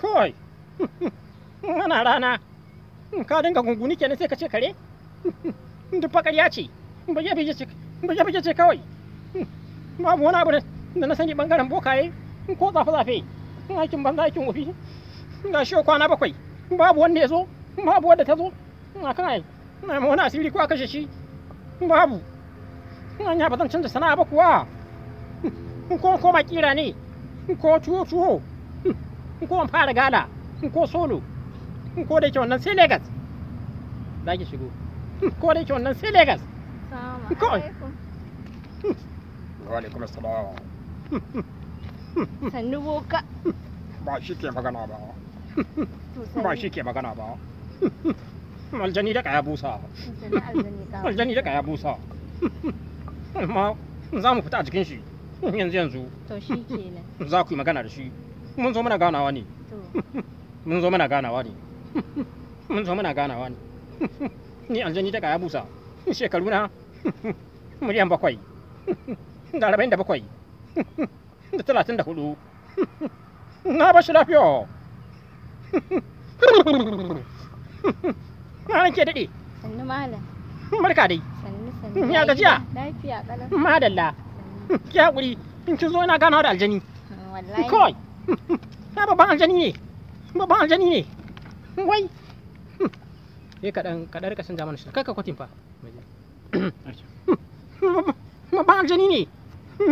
Kai, ana rana, ka dinga gunguni kenan sai ka ce kare? Duk fakariya ce, bage bage ce kawai. Babu wani abu da na sani bangaren bokaye ko zafe-zafe, aikin banza aikin wufi. Ga shi kwana bakwai, babu wanda ya zo, babu wanda ta zo. A kan na ma wani asiri ko a kashe shi, babu. Anya ba zan canza sana'a ba kuwa. Ko koma kira ne, ko tuwo-tuwo. Ko an fara gala ko solo ko da yake wannan sai Legas za ki shigo ko da yake wannan sai Legas wa alaikum assalam sannu boka ba shi ke magana ba ba shi ke magana ba aljani da kaya busa aljani da kaya busa amma za mu fita a jikin shi yanzu yanzu to shi kenan za ku yi magana da shi mun zo muna ganawa ne mun zo muna ganawa ne mun zo muna ganawa ne ni aljani daga ya busa shekaru na miliyan bakwai da arba'in da bakwai da talatin da hudu na ba shi lafiya ran ke daɗe sannu malam barka dai sannu sannu ya gajiya lafiya ƙalau madalla ki hakuri kin zo ina ganawa da aljani hmm, wallahi kawai ya babban aljani ne babban aljani ne wai eh kaɗan kadar kasan canza shi shi ka kwatin fa ban aljani ne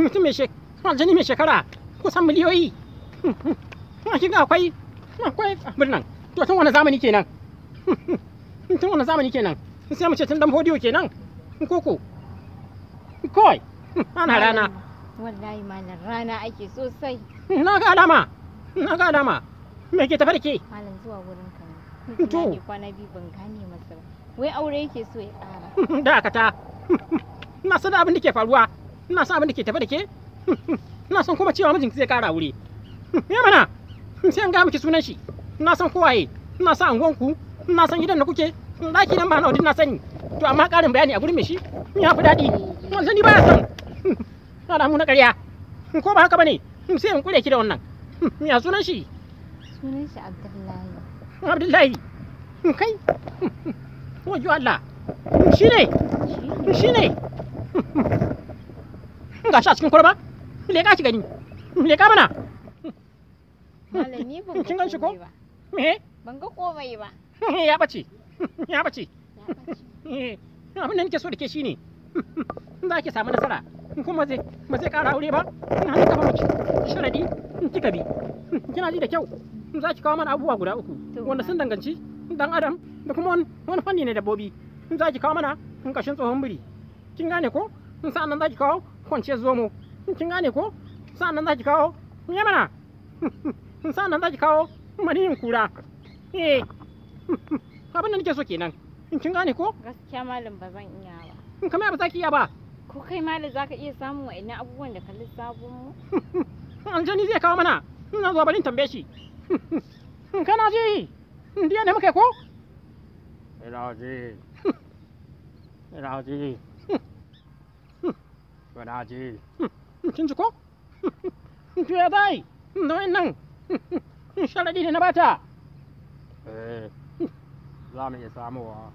mutum mai aljani mai shekara kusan miliyoyi a ga akwai akwai birnin to tun wani zamani kenan tun wani zamani kenan sai mu ce tun dan hodiyo kenan koko koi ana rana wallahi malam rana ake sosai na ga alama na ga alama me ke tafarki da ke malam zuwa wurin ka ne to kwana biyu ban gane masa ba wai aure yake so ya ƙara da ka ta na san abin da ke faruwa na san abin da ke tafi da ke na san kuma cewa mijinki zai ƙara aure ya mana sai an ga miki sunan shi na san kowaye na san angonku na san gidan da kuke ɗaki nan ba na na sani to amma ƙarin bayani a gurin me shi ya fi daɗi wanzan ni ba ya san ana mu na ƙarya ko ba haka bane sai in kure ki da wannan ya sunan shi sunan shi abdullahi abdullahi kai wajo Allah shi ne shi ne ga shi a cikin kwarba leƙa ki gani leƙa mana malami kin gan shi ko me eh? ban ga komai ba ya bace ya bace eh, abin da nake so da ke shine za ki samu nasara kuma zai ba zai ƙara aure ba in hannun kafa mace sharadi in kika bi kina ji da kyau za ki kawo mana abubuwa guda uku wanda sun danganci dan adam da kuma wani fanni ne dabbobi za ki kawo mana in kashin tsohon biri kin gane ko in sa'an nan za ki kawo kwance zomo kin gane ko sa'an nan za ki kawo yamana in sa'an nan za ki kawo maniyin kura eh abin da nake so kenan kin gane ko gaskiya malam ba zan iya ba in kamar ba za ki iya ba ko kai ma da zaka iya samun wa'annan abubuwan da ka lissafo mu aljani zai kawo mana ina zo barin tambaye shi kana ji diya ne muka ko ina ji ina ji ina ji kin ji ko to ya dai da wannan sharadi ne na bata eh za mu iya samuwa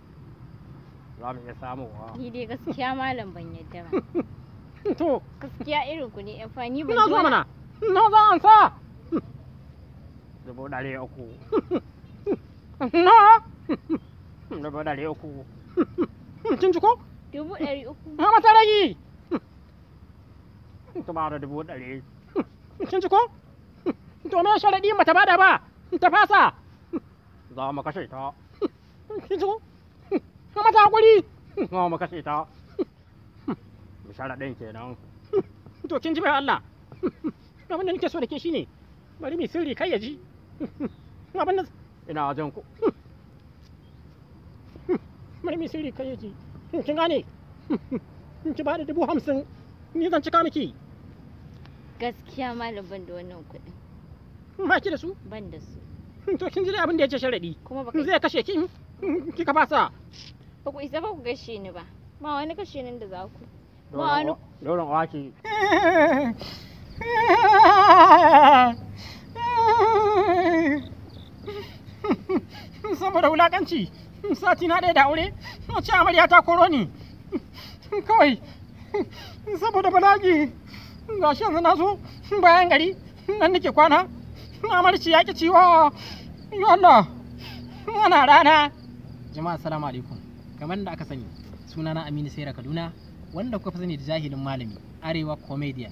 za mu iya samuwa ni dai gaskiya malam ban yadda ba to gaskiya irin ku ne eh, fa ni ban zo mana na za an sa dubu ɗari uku na dubu ɗari uku kin ji ko dubu ɗari uku na mata ragi ta ba da dubu ɗari kin ji ko to me sharaɗi mata bada ba ta fasa za mu kashe ta kin ji ko ka ta hakuri kuma mu kashe ta bishara ɗin kenan to kin ji bai Allah abin da nake so da ke shine bari mai sirri kai ya ji abin da ina wajen ku bari mai sirri kai ya ji kin gane ki bada dubu hamsin ni zan cika miki gaskiya malam ban da wannan kuɗin ma ki da su ban da su to kin ji abin da ya ce sharaɗi zai kashe kin kika fasa ba ku isa ba ku gashe ni ba ba wani kashe nan da za ku ba wani doron wake saboda wulakanci sati na ɗaya da aure wace amarya ta koro ni kawai saboda balagi ga shi yanzu na zo bayan gari nan nake kwana amarci ya ki ciwo Allah ana rana jama'a salamu alaikum kamar da aka sani sunana Aminu Saira Kaduna wanda kuka fi sani da jahilin malami Arewa Comedian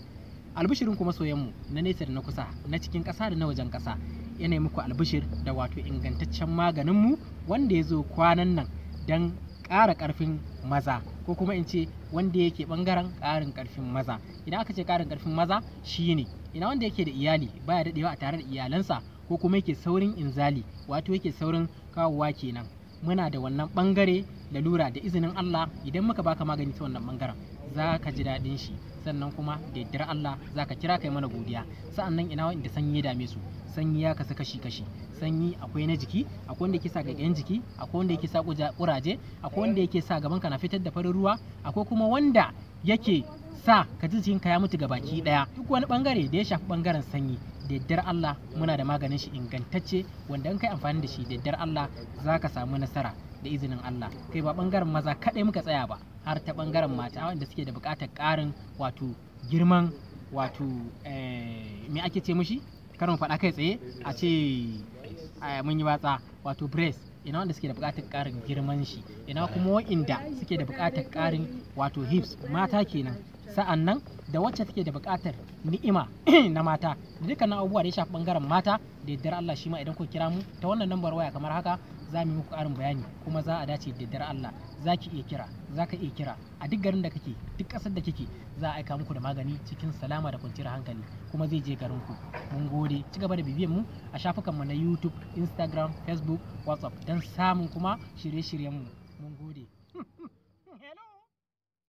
albishirin kuma soyayyenmu na nesa da na kusa na cikin kasa da na wajen kasa yana muku albishir da wato ingantaccen maganinmu wanda ya zo kwanan nan don ƙara ƙarfin maza ko kuma in ce wanda yake ɓangaren ƙarin ƙarfin maza idan aka ce ƙarin ƙarfin maza shi ne ina wanda yake da iyali baya daɗewa a tare da iyalansa ko kuma yake saurin inzali wato yake saurin kawowa kenan muna da wannan ɓangare lalura da izinin Allah idan muka baka magani ta wannan bangaren za ka ji daɗin shi sannan kuma da yaddar Allah za ka kira kai mana godiya sa'annan ina wanda sanyi ya dame su sanyi ya kasu kashi kashi sanyi akwai na jiki akwai wanda yake sa gagayen jiki akwai wanda yake sa kuraje akwai wanda yake sa gaban ka na fitar da farin ruwa akwai kuma wanda yake sa ka ji jikinka ya mutu gabaki daya duk wani bangare da ya shafi bangaren sanyi da yaddar Allah muna da maganin shi ingantacce wanda in kai amfani da shi da yaddar Allah za ka samu nasara da izinin Allah kai ba bangaren maza kaɗai muka tsaya ba har ta bangaren mata wanda suke da bukatar karin wato girman wato eh, me ake ce mushi karin faɗa kai tsaye a ce eh, mun yi watsa wato breast ina wanda suke da bukatar karin girman shi ina kuma wa'inda suke da bukatar karin wato hips mata kenan sa'an nan da wacce take da buƙatar ni'ima na mata da dukkanin abubuwa da ya shafi ɓangaren mata da yaddar Allah shi ma idan ku kira mu ta wannan lambar waya kamar haka za mu muku ƙarin bayani kuma za a dace da dar Allah za ki iya kira za ka iya kira a duk garin da kake duk ƙasar da kike za a aika muku da magani cikin salama da kwanciyar hankali kuma zai je garin ku mun gode ci gaba da bibiyan mu a shafukan mu na YouTube Instagram Facebook WhatsApp don samun kuma shirye-shiryen mu mun gode